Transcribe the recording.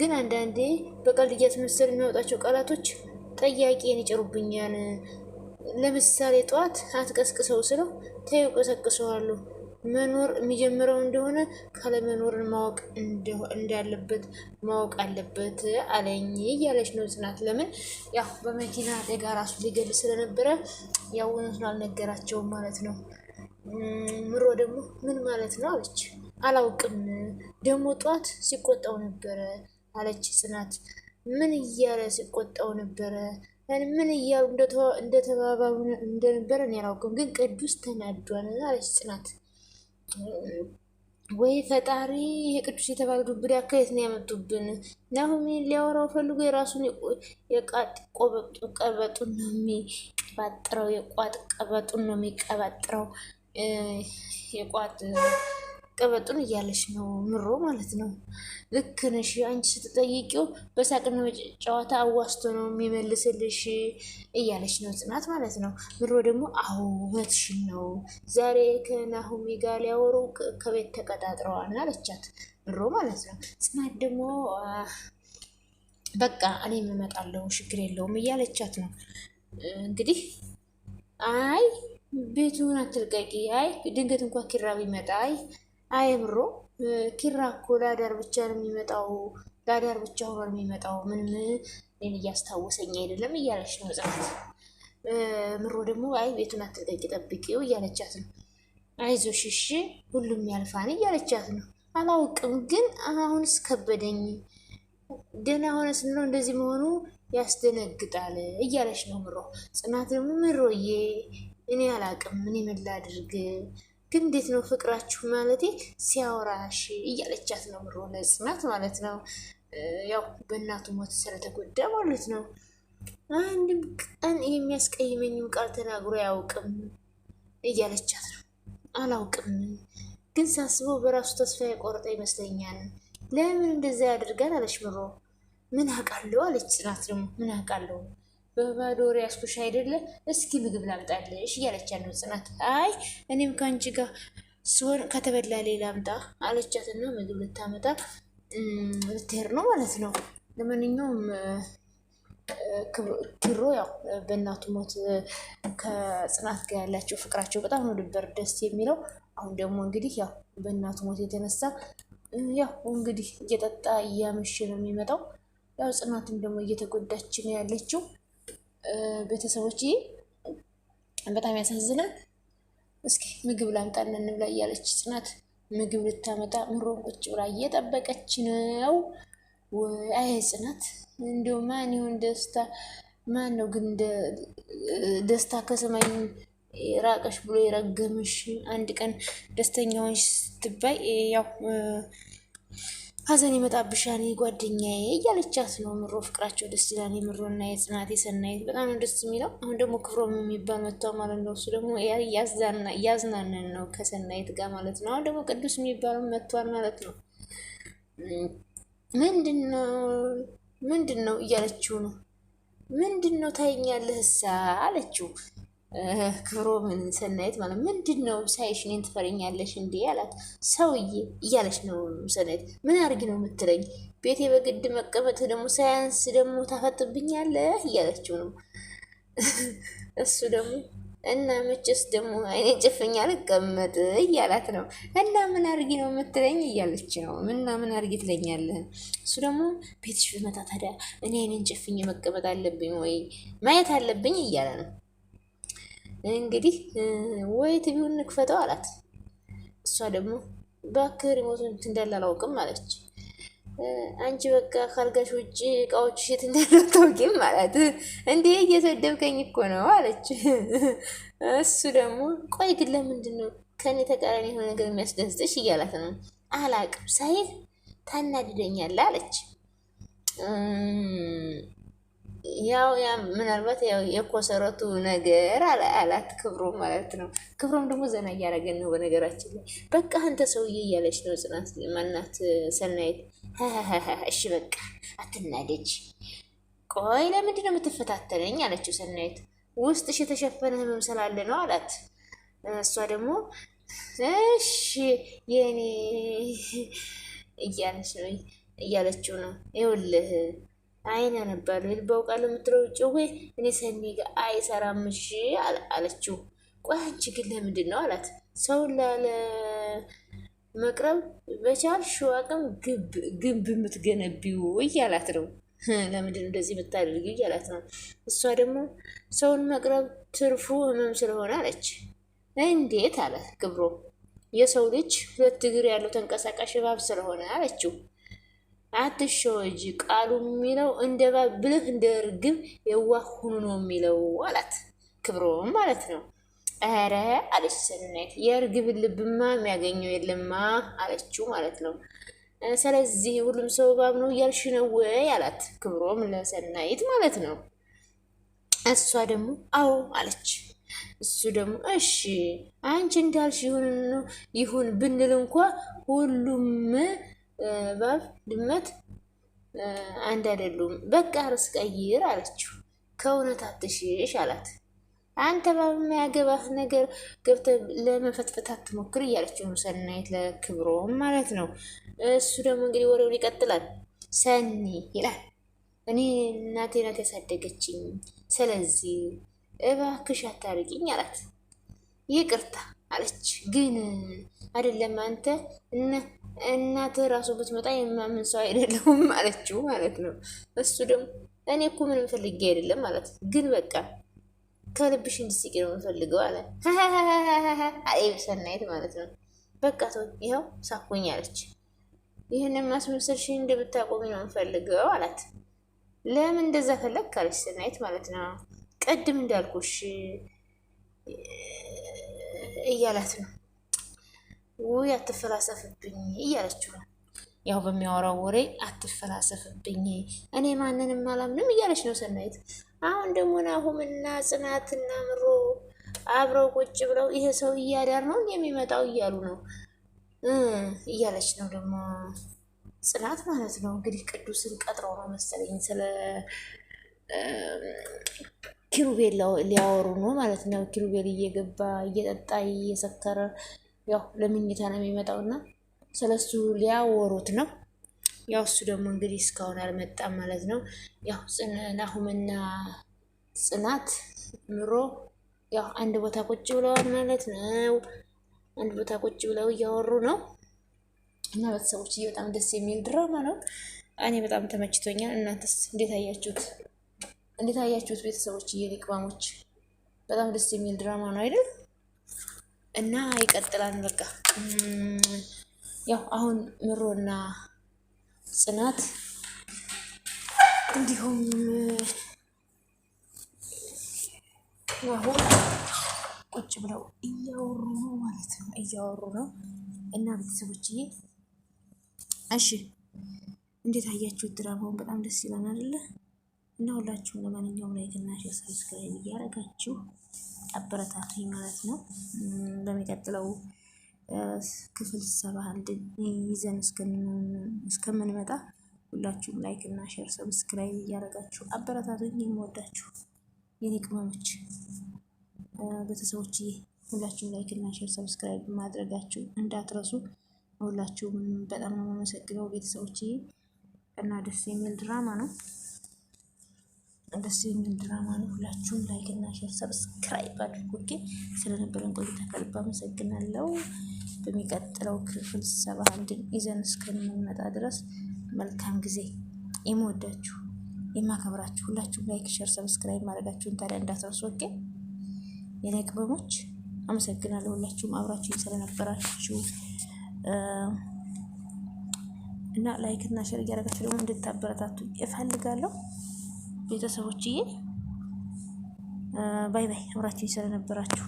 ግን አንዳንዴ በቀልድ እያስመሰሉ የሚያወጣቸው ቃላቶች ጠያቄን ይጭሩብኛል። ለምሳሌ ጠዋት አትቀስቅሰው ስለው ተይው ቀሰቅሰዋሉ። መኖር የሚጀምረው እንደሆነ ካለመኖርን ማወቅ እንዳለበት ማወቅ አለበት አለኝ እያለች ነው ጽናት። ለምን ያው በመኪና አደጋ ራሱ ሊገል ስለነበረ ያው እውነቱን አልነገራቸውም ማለት ነው። ምሮ ደግሞ ምን ማለት ነው አለች። አላውቅም ደግሞ ጠዋት ሲቆጣው ነበረ አለች ጽናት። ምን እያለ ሲቆጣው ነበረ? ምን እያሉ እንደተባባሉ እንደነበረ እኔ አላውቅም፣ ግን ቅዱስ ተናዷል አለች ጽናት። ወይ ፈጣሪ ይሄ ቅዱስ የተባለ ዱብዳ ከየት ነው ያመጡብን? ናሁሚ ሊያወራው ፈልጎ የራሱን የቋጥ ቀበጡን ነው የሚቀባጥረው። የቋጥ ቀበጡን ነው የሚቀባጥረው የቋጥ ቀበጡን እያለች ነው ምሮ ማለት ነው። ልክ ነሽ አንቺ ስትጠይቂው በሳቅና ጨዋታ አዋስቶ ነው የሚመልስልሽ እያለች ነው ጽናት ማለት ነው። ምሮ ደግሞ አዎ እውነትሽን ነው፣ ዛሬ ከናሁሚ ጋር ሊያወሩ ከቤት ተቀጣጥረዋል አለቻት ምሮ ማለት ነው። ጽናት ደግሞ በቃ እኔ የምመጣለው ችግር የለውም እያለቻት ነው እንግዲህ አይ ቤቱን አትልቀቂ፣ አይ ድንገት እንኳ ኪራብ ይመጣ አይ አይ ብሮ ኪራ እኮ ዳዳር ብቻ ነው የሚመጣው፣ ዳዳር ብቻ ሆኖ ነው የሚመጣው። ምን እኔን እያስታወሰኝ አይደለም እያለች ነው ጽናት። ምሮ ደግሞ አይ ቤቱን አትልቀቂ ጠብቂው እያለቻት ነው። አይዞሽ እሺ ሁሉም ያልፋን እያለቻት ነው። አላውቅም ግን አሁንስ ከበደኝ። ደህና ሆነ ስንለው እንደዚህ መሆኑ ያስደነግጣል እያለች ነው ምሮ። ጽናት ደግሞ ምሮዬ እኔ አላውቅም ምን ምን ላድርግ ግን እንዴት ነው ፍቅራችሁ ማለት ሲያወራሽ እያለቻት ነው ምሮ ለጽናት ማለት ነው። ያው በእናቱ ሞት ስለተጎዳ ማለት ነው። አንድም ቀን የሚያስቀይመኝም ቃል ተናግሮ አያውቅም እያለቻት ነው። አላውቅም ግን ሳስበው በራሱ ተስፋ የቆረጠ ይመስለኛል። ለምን እንደዛ ያደርጋል አለች ምሮ። ምን አውቃለሁ አለች ጽናት ደግሞ ምን አውቃለሁ በባዶ ያስኩሽ አይደለ? እስኪ ምግብ ላምጣልሽ እያለቻት ነው ጽናት። አይ እኔም ከአንቺ ጋር ሲሆን ከተበላ ሌላ አምጣ አለቻትና ምግብ ልታመጣ ልትሄድ ነው ማለት ነው። ለማንኛውም ኪሮ ያው በእናቱ ሞት ከጽናት ጋር ያላቸው ፍቅራቸው በጣም ነው ድበር ደስ የሚለው። አሁን ደግሞ እንግዲህ ያው በእናቱ ሞት የተነሳ ያው እንግዲህ እየጠጣ እያመሸ ነው የሚመጣው። ያው ጽናትም ደግሞ እየተጎዳች ነው ያለችው። ቤተሰቦች በጣም ያሳዝናል። እስኪ ምግብ ላምጣ እንብላ እያለች ጽናት ምግብ ልታመጣ ምሮን ቁጭ ብላ እየጠበቀች ነው። አይ ጽናት እንዲሁ ማን ይሁን ደስታ ማን ነው ግን ደስታ ከሰማይ ራቀሽ ብሎ የረገምሽ? አንድ ቀን ደስተኛ ሆንሽ ስትባይ ያው ሀዘን ይመጣብሻል ጓደኛዬ እያለቻት ነው። ምሮ ፍቅራቸው ደስ ይላል። የምሮና የጽናት የሰናይት በጣም ነው ደስ የሚለው። አሁን ደግሞ ክብሮም የሚባል መጥቷ ማለት ነው። እሱ ደግሞ እያዝናነን ነው ከሰናይት ጋር ማለት ነው። አሁን ደግሞ ቅዱስ የሚባለው መጥቷል ማለት ነው። ምንድን ነው እያለችው ነው። ምንድን ነው ታይኛለህ እሳ አለችው። ምን ሰናየት ማለት ምንድን ነው ሳይሽ እኔን ትፈረኛለሽ እንዴ አላት። ሰውዬ እያለች ነው ሰናየት። ምን አድርጊ ነው የምትለኝ? ቤቴ በግድ መቀመጥ ደግሞ ሳያንስ ደግሞ ታፈጥብኛለህ እያለችው ነው። እሱ ደግሞ እና መቼስ ደግሞ አይኔን ጭፍኛ ልቀመጥ እያላት ነው። እና ምን አድርጊ ነው የምትለኝ እያለች ነው። እና ምን አድርጊ ትለኛለህ? እሱ ደግሞ ቤትሽ ብመጣ ታዲያ እኔ አይኔን ጭፍኝ መቀመጥ አለብኝ ወይ ማየት አለብኝ እያለ ነው እንግዲህ ወይ ትቢውን እንክፈተው አላት። እሷ ደግሞ እባክህ ሪሞቱን የት እንዳለ አላውቅም አለች። አንቺ በቃ ካልጋሽ ውጭ እቃዎች የት እንዳለ አታውቂም ማለት እንዴ? እየሰደብከኝ እኮ ነው አለች። እሱ ደግሞ ቆይ ግን ለምንድን ነው ከኔ ተቃራኒ የሆነ ነገር የሚያስደስትሽ እያላት ነው። አላቅም ሳይል ታናድደኛለ አለች። ያው ያ ምናልባት ያው የኮሰረቱ ነገር አላት ክብሮ ማለት ነው። ክብሮም ደግሞ ዘና እያደረገን ነው። በነገራችን ላይ በቃ አንተ ሰውዬ እያለች ነው ጽናት ማናት ሰናይት። እሺ በቃ አትናደጅ። ቆይ ለምንድን ነው የምትፈታተነኝ? አለችው ሰናይት። ውስጥሽ የተሸፈነ ህመም ስላለ ነው አላት። እሷ ደግሞ እሺ የኔ እያለች ነው እያለችው ነው ይኸውልህ አይን ነበር ልባው ቃል የምትለው ጭዌ እኔ ሰኒ ጋር አይሰራም እሺ አለችው። ቆይ አንቺ ግን ለምንድን ነው አላት። ሰውን ላለ መቅረብ በቻልሽው አቅም ግንብ የምትገነቢው እያላት ነው። ለምንድን እንደዚህ የምታደርጊው እያላት ነው። እሷ ደግሞ ሰውን መቅረብ ትርፉ ህመም ስለሆነ አለች። እንዴት አለ ክብሮ። የሰው ልጅ ሁለት እግር ያለው ተንቀሳቃሽ እባብ ስለሆነ አለችው። አትሸወጂ፣ ቃሉ የሚለው እንደ ብልህ እንደ ርግብ የዋህ ሁኑ ነው የሚለው አላት። ክብሮም ማለት ነው። ኧረ አለች ሰናይት፣ የእርግብን ልብማ የሚያገኘው የለማ አለችው ማለት ነው። ስለዚህ ሁሉም ሰው እባብ ነው እያልሽ ነው ወይ አላት ክብሮም ለሰናይት ማለት ነው። እሷ ደግሞ አዎ አለች። እሱ ደግሞ እሺ አንቺ እንዳልሽ ይሁን ብንል እንኳ ሁሉም ባብ ድመት አንድ አይደሉም። በቃ ርዕስ ቀይር አለችው። ከእውነት አትሽሽ አላት። አንተ ባብ የሚያገባህ ነገር ገብተህ ለመፈትፈት አትሞክር እያለችው ነው ሰናይት፣ ለክብሮም ማለት ነው። እሱ ደግሞ እንግዲህ ወሬውን ይቀጥላል። ሰኒ ይላል እኔ እናቴ ናት ያሳደገችኝ፣ ስለዚህ እባክሽ አታርቂኝ አላት። ይቅርታ አለች። ግን አይደለም አንተ እነ እናት ራሱ ብትመጣ የማምን ሰው አይደለሁም አለችው ማለት ነው። እሱ ደግሞ እኔ እኮ ምንም ፈልጌ አይደለም ማለት ግን በቃ ከልብሽ እንድትስቂ ነው የምፈልገው አለ። አይብ ሰናይት ማለት ነው። በቃ ተው ይኸው ሳኩኝ አለች። ይህንን ማስመሰልሽን እንደምታቆሚ ነው የምፈልገው አላት። ለምን እንደዛ ፈለግ ካለች ሰናይት ማለት ነው። ቅድም እንዳልኩሽ እያላት ነው ውይ አትፈላሰፍብኝ እያለችው ነው። ያው በሚያወራው ወሬ አትፈላሰፍብኝ እኔ ማንንም አላምንም እያለች ነው ሰናይት። አሁን ደግሞ ናሁምና ጽናትና ምሮ አብረው ቁጭ ብለው ይሄ ሰው እያዳር ነው የሚመጣው እያሉ ነው እያለች ነው ደግሞ ጽናት ማለት ነው እንግዲህ ቅዱስን ቀጥረው ነው መሰለኝ ስለ ኪሩቤል ሊያወሩ ነው ማለት ነው። ኪሩቤል እየገባ እየጠጣ እየሰከረ ያው ለምኝታ ነው የሚመጣውና ስለሱ ሊያወሩት ነው። ያው እሱ ደግሞ እንግዲህ እስካሁን አልመጣም ማለት ነው። ያው ናሁምና ጽናት ምሮ ያው አንድ ቦታ ቁጭ ብለዋል ማለት ነው። አንድ ቦታ ቁጭ ብለው እያወሩ ነው እና ቤተሰቦች በጣም ደስ የሚል ድራማ ነው። እኔ በጣም ተመችቶኛል። እናንተስ እንዴት አያችሁት? እንዴት አያችሁት ቤተሰቦች? እየሊቅማሞች በጣም ደስ የሚል ድራማ ነው አይደል? እና ይቀጥላል። በቃ ያው አሁን ምሮና ጽናት እንዲሁም አሁን ቁጭ ብለው እያወሩ ነው ማለት ነው፣ እያወሩ ነው እና ቤተሰቦችዬ፣ እሺ እንዴት አያችሁት? ድራማውን በጣም ደስ ይላል አይደለ? እና ሁላችሁም ለማንኛውም ላይክ እና ሰብስክራይብ እያደረጋችሁ አበረታቱ ማለት ነው። በሚቀጥለው ክፍል ሰባ አንድ ይዘን እስከምንመጣ ሁላችሁም ላይክ እና ሼር ሰብስክራይብ እያደረጋችሁ አበረታቱኝ። የምወዳችሁ የኔ ቅመሞች ቤተሰቦች ሁላችሁም ላይክ እና ሼር ሰብስክራይብ ማድረጋችሁ እንዳትረሱ። ሁላችሁም በጣም ነው የማመሰግነው ቤተሰቦች እና ደስ የሚል ድራማ ነው። ደስ የሚል ድራማ ነው። ሁላችሁም ላይክ እና ሼር ሰብስክራይብ አድርጉ። ስለነበረን ቆይታ ከልብ አመሰግናለሁ። በሚቀጥለው ክፍል ሰባ አንድን ይዘን እስከምንመጣ ድረስ መልካም ጊዜ። የምወዳችሁ የማከብራችሁ ሁላችሁም ላይክ፣ ሼር፣ ሰብስክራይብ ማድረጋችሁን ታዲያ እንዳትረሱ። ወገ የኔ ቅመሞች አመሰግናለሁ። ሁላችሁም አብራችሁን ስለነበራችሁ እና ላይክ እና ሼር እያደረጋችሁ ደግሞ እንድታበረታቱ እፈልጋለሁ። ቤተሰቦችዬ፣ ባይ ባይ። አብራችሁኝ ስለነበራችሁ